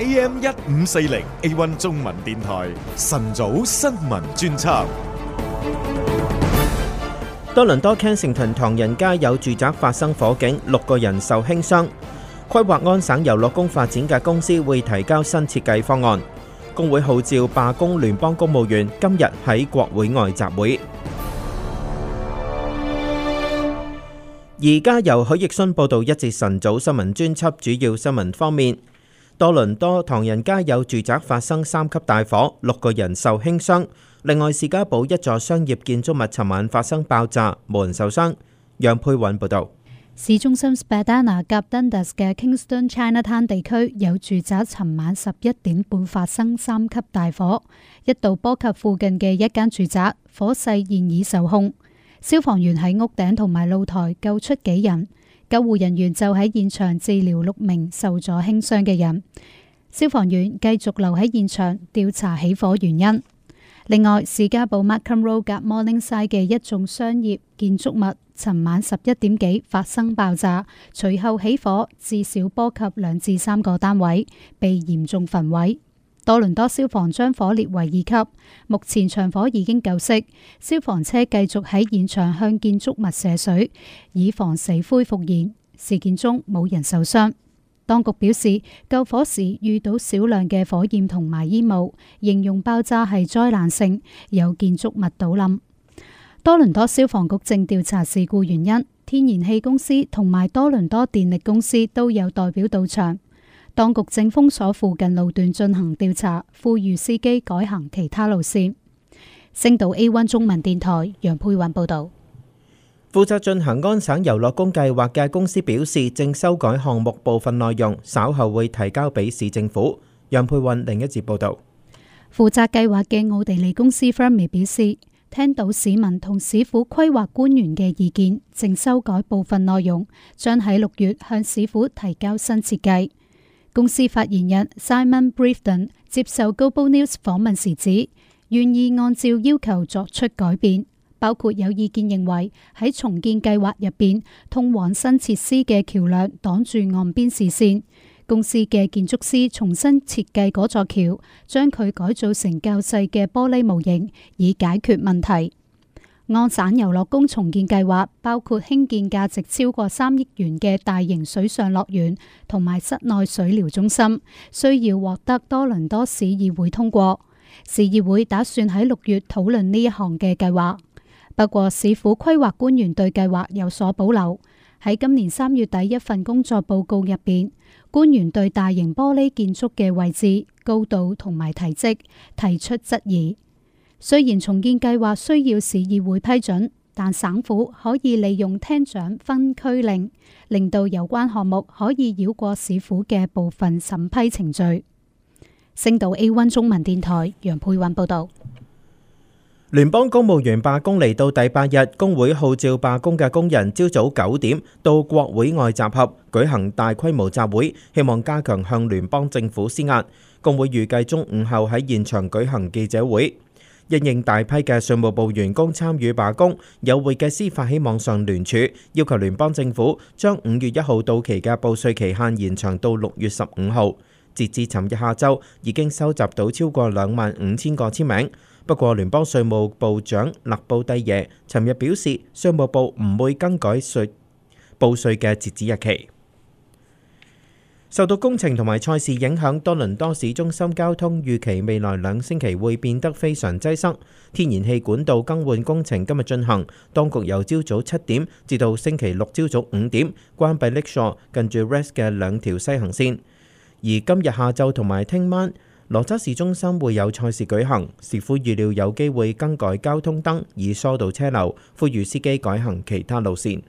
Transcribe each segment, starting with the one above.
AM 一五四零 A One 中文電台晨早新聞專輯。多倫多 Kensington 唐人街有住宅發生火警，六個人受輕傷。規劃安省遊樂宮發展嘅公司會提交新設計方案。工會號召罷工，聯邦公務員今日喺國會外集會。而家由許奕迅報道，一節晨早新聞專輯，主要新聞方面。多倫多唐人街有住宅發生三級大火，六個人受輕傷。另外，士加堡一座商業建築物尋晚發生爆炸，無人受傷。楊佩韻報導。市中心 Spadina 及 Dundas 嘅 Kingston Chinatown 地區有住宅尋晚十一點半發生三級大火，一度波及附近嘅一間住宅，火勢現已受控。消防員喺屋頂同埋露台救出幾人。救護人員就喺現場治療六名受咗輕傷嘅人，消防員繼續留喺現場調查起火原因。另外，士嘉堡 Markham Road 及 Morningside 嘅一幢商業建築物，尋晚十一點幾發生爆炸，隨後起火，至少波及兩至三個單位，被嚴重焚毀。多倫多消防將火列為二級，目前場火已經救熄，消防車繼續喺現場向建築物射水，以防死灰復燃。事件中冇人受傷。當局表示，救火時遇到少量嘅火焰同埋煙霧，形容爆炸係災難性，有建築物倒冧。多倫多消防局正調查事故原因，天然氣公司同埋多倫多電力公司都有代表到場。當局正封鎖附近路段進行調查，呼籲司機改行其他路線。星島 A1 中文電台楊佩云報道。負責進行安省遊樂宮計劃嘅公司表示，正修改項目部分內容，稍後會提交俾市政府。楊佩云另一節報道。負責計劃嘅奧地利公司 Firm 表示，聽到市民同市府規劃官員嘅意見，正修改部分內容，將喺六月向市府提交新設計。公司發言人 Simon Brifden 接受 Global News 訪問時指，願意按照要求作出改變，包括有意見認為喺重建計劃入邊通往新設施嘅橋樑擋住岸邊視線，公司嘅建築師重新設計嗰座橋，將佢改造成較細嘅玻璃模型，以解決問題。安省遊樂宮重建計劃包括興建價值超過三億元嘅大型水上樂園同埋室內水療中心，需要獲得多倫多市議會通過。市議會打算喺六月討論呢一項嘅計劃，不過市府規劃官員對計劃有所保留。喺今年三月底一份工作報告入邊，官員對大型玻璃建築嘅位置、高度同埋體積提出質疑。雖然重建計劃需要市議會批准，但省府可以利用廳長分區令，令到有關項目可以繞過市府嘅部分審批程序。星島 A1 中文電台楊佩韻報道：聯邦公務員罷工嚟到第八日，工會號召罷工嘅工人朝早九點到國會外集合舉行大規模集會，希望加強向聯邦政府施壓。工會預計中午後喺現場舉行記者會。日，因應大批嘅稅務部員工參與罷工，有會計師發起網上聯署，要求聯邦政府將五月一號到期嘅報稅期限延長到六月十五號。截至尋日下晝，已經收集到超過兩萬五千個簽名。不過，聯邦稅務部長勒布蒂耶尋日表示，稅務部唔會更改稅報稅嘅截止日期。受到工程同埋賽事影響，多倫多市中心交通預期未來兩星期會變得非常擠塞。天然氣管道更換工程今日進行，當局由朝早七點至到星期六朝早五點關閉 Lakeshore 近住 Rest 嘅兩條西行線。而今日下晝同埋聽晚，羅渣市中心會有賽事舉行，市府預料有機會更改交通燈，以疏導車流，呼籲司機改行其他路線。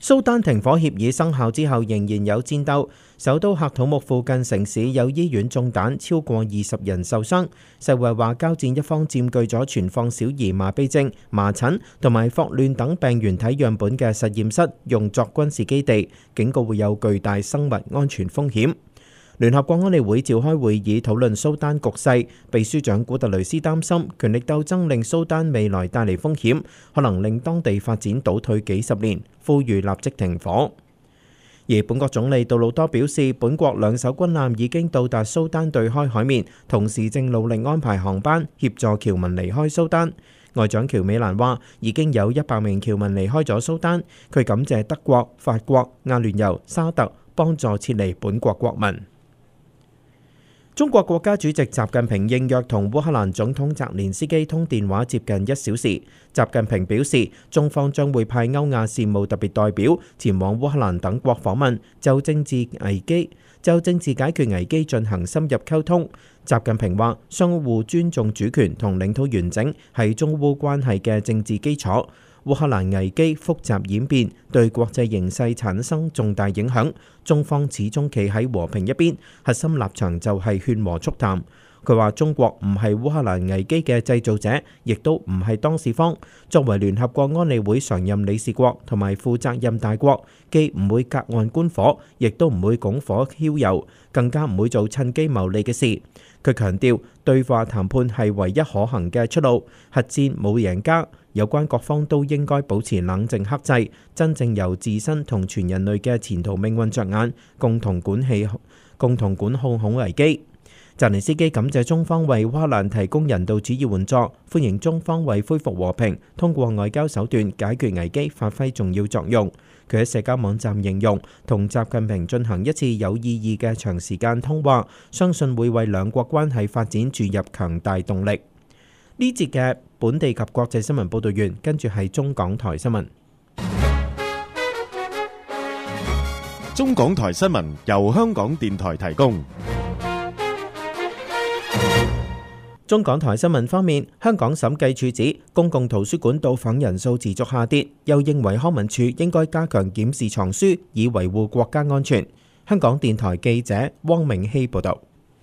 蘇丹停火協議生效之後，仍然有戰鬥。首都喀土穆附近城市有醫院中彈，超過二十人受傷。世衛話，交戰一方佔據咗存放小兒麻痹症、麻疹同埋霍亂等病原體樣本嘅實驗室，用作軍事基地，警告會有巨大生物安全風險。聯合國安理會召開會議討論蘇丹局勢，秘書長古特雷斯擔心權力鬥爭令蘇丹未來帶嚟風險，可能令當地發展倒退幾十年，呼籲立即停火。而本國總理杜魯多表示，本國兩艘軍艦已經到達蘇丹對開海面，同時正努力安排航班協助僑民離開蘇丹。外長喬美蘭話已經有一百名僑民離開咗蘇丹，佢感謝德國、法國、阿聯酋、沙特幫助撤離本國國民。中國國家主席習近平應約同烏克蘭總統澤連斯基通電話，接近一小時。習近平表示，中方將會派歐亞事務特別代表前往烏克蘭等國訪問，就政治危機、就政治解決危機進行深入溝通。習近平話：相互尊重主權同領土完整係中烏關係嘅政治基礎。烏克蘭危機複雜演變，對國際形勢產生重大影響。中方始終企喺和平一邊，核心立場就係勸和促談。佢話：中國唔係烏克蘭危機嘅製造者，亦都唔係當事方。作為聯合國安理會常任理事國同埋負責任大國，既唔會隔岸觀火，亦都唔會拱火澆油，更加唔會做趁機謀利嘅事。佢強調對話談判係唯一可行嘅出路，核戰冇贏家，有關各方都應該保持冷靜克制，真正由自身同全人類嘅前途命運着眼，共同管氣共同管控恐危機。澤尼斯基感謝中方為烏克蘭提供人道主義援助，歡迎中方為恢復和平、通過外交手段解決危機發揮重要作用。佢喺社交網站形容同習近平進行一次有意義嘅長時間通話，相信會為兩國關係發展注入強大動力。呢節嘅本地及國際新聞報道員，跟住係中港台新聞。中港台新聞由香港電台提供。中港台新聞方面，香港審計署指公共圖書館到訪人數持續下跌，又認為康文署應該加強檢視藏書，以維護國家安全。香港電台記者汪明希報導。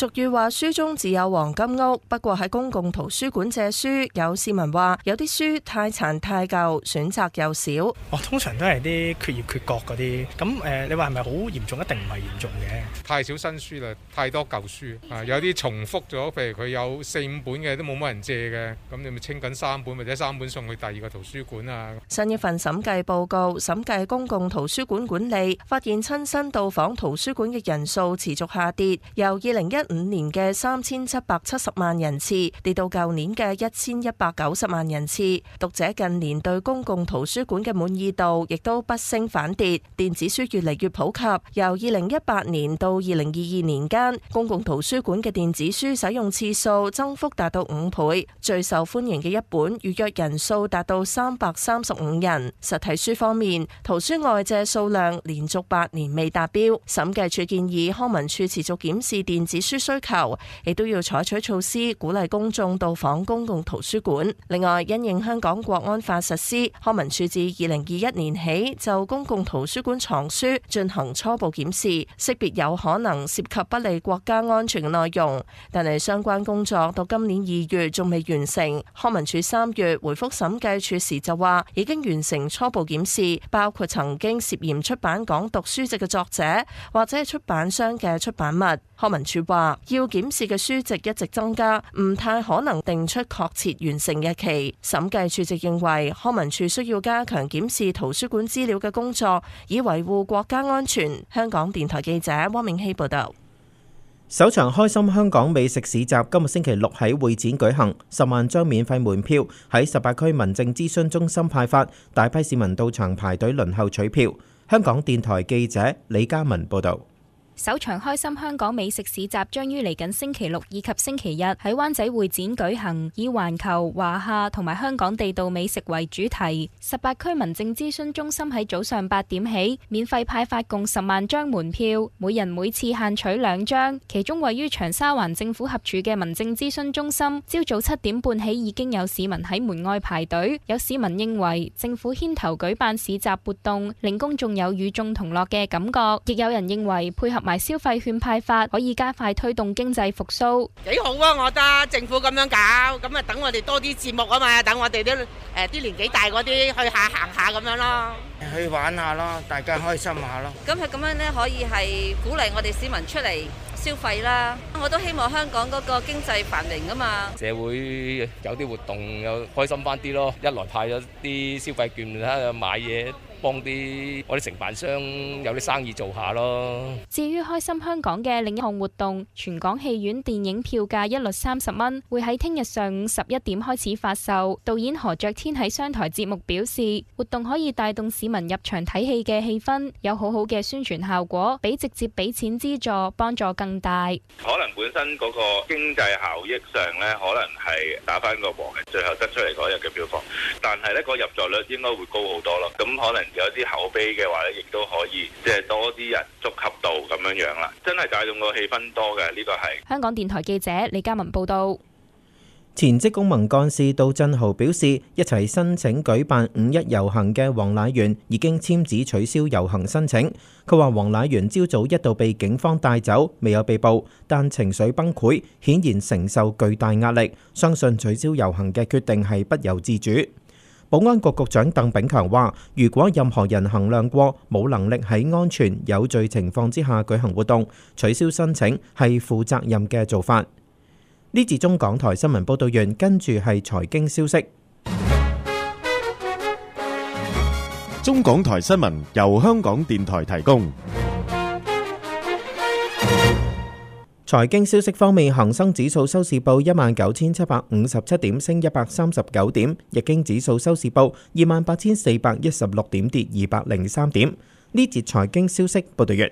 俗語話：書中自有黃金屋。不過喺公共圖書館借書，有市民話有啲書太殘太舊，選擇又少。我、哦、通常都係啲缺頁缺角嗰啲。咁誒、呃，你話係咪好嚴重？一定唔係嚴重嘅。太少新書啦，太多舊書啊！有啲重複咗，譬如佢有四五本嘅都冇乜人借嘅，咁你咪清緊三本或者三本送去第二個圖書館啊。新一份審計報告審計公共圖書館管理，發現親身到訪圖書館嘅人數持續下跌，由二零一五年嘅三千七百七十萬人次，跌到舊年嘅一千一百九十萬人次。讀者近年對公共圖書館嘅滿意度亦都不升反跌。電子書越嚟越普及，由二零一八年到二零二二年間，公共圖書館嘅電子書使用次數增幅達到五倍。最受歡迎嘅一本預約人數達到三百三十五人。實體書方面，圖書外借數量連續八年未達標。審計署建議康文署持續檢視電子書。需求，亦都要採取措施，鼓勵公眾到訪公共圖書館。另外，因應香港國安法實施，康文署自二零二一年起就公共圖書館藏書進行初步檢視，識別有可能涉及不利國家安全嘅內容。但係相關工作到今年二月仲未完成。康文署三月回覆審計署時就話已經完成初步檢視，包括曾經涉嫌出版港獨書籍嘅作者或者係出版商嘅出版物。康文署話。要檢視嘅書籍一直增加，唔太可能定出確切完成日期。審計處就認為，康文署需要加強檢視圖書館資料嘅工作，以維護國家安全。香港電台記者汪明希報道。首場開心香港美食市集今日星期六喺會展舉行，十萬張免費門票喺十八區民政諮詢中心派發，大批市民到場排隊輪候取票。香港電台記者李嘉文報道。首場開心香港美食市集將於嚟緊星期六以及星期日喺灣仔會展舉行，以環球、華夏同埋香港地道美食為主題。十八區民政諮詢中心喺早上八點起免費派發共十萬張門票，每人每次限取兩張。其中位於長沙灣政府合署嘅民政諮詢中心，朝早七點半起已經有市民喺門外排隊。有市民認為政府牽頭舉辦市集活動，令公眾有與眾同樂嘅感覺；亦有人認為配合埋消費券派發可以加快推動經濟復蘇，幾好啊！我覺得政府咁樣搞，咁啊等我哋多啲節目啊嘛，等我哋啲誒啲年紀大嗰啲去下行下咁樣咯，去玩下咯，大家開心下咯。咁佢咁樣咧可以係鼓勵我哋市民出嚟消費啦。我都希望香港嗰個經濟繁榮啊嘛。社會有啲活動又開心翻啲咯，一來派咗啲消費券啦，買嘢。幫啲我啲承辦商有啲生意做下咯。至於開心香港嘅另一項活動，全港戲院電影票價一律三十蚊，會喺聽日上午十一點開始發售。導演何爵天喺商台節目表示，活動可以帶動市民入場睇戲嘅氣氛，有好好嘅宣傳效果，比直接俾錢資助幫助更大。可能本身嗰個經濟效益上咧，可能係打翻個和嘅，最後得出嚟嗰日嘅票房。但係咧，個入座率應該會高好多咯。咁可能。有啲口碑嘅話，亦都可以即係多啲人觸及到咁樣樣啦。真係帶動個氣氛多嘅。呢個係香港電台記者李嘉文報道。前職工盟幹事杜振豪表示，一齊申請舉辦五一遊行嘅黃乃元已經簽紙取消遊行申請。佢話黃乃元朝早一度被警方帶走，未有被捕，但情緒崩潰，顯然承受巨大壓力。相信取消遊行嘅決定係不由自主。保安局局長鄧炳強話，如果任何人衡量過冇能力喺安全有序情況之下舉行活動，取消申請係負責任嘅做法。呢次中港台新聞報道員跟住係財經消息。中港台新聞由香港電台提供。財經消息方面，恒生指數收市報一萬九千七百五十七點，升一百三十九點；日經指數收市報二萬八千四百一十六點，跌二百零三點。呢節財經消息，報道完。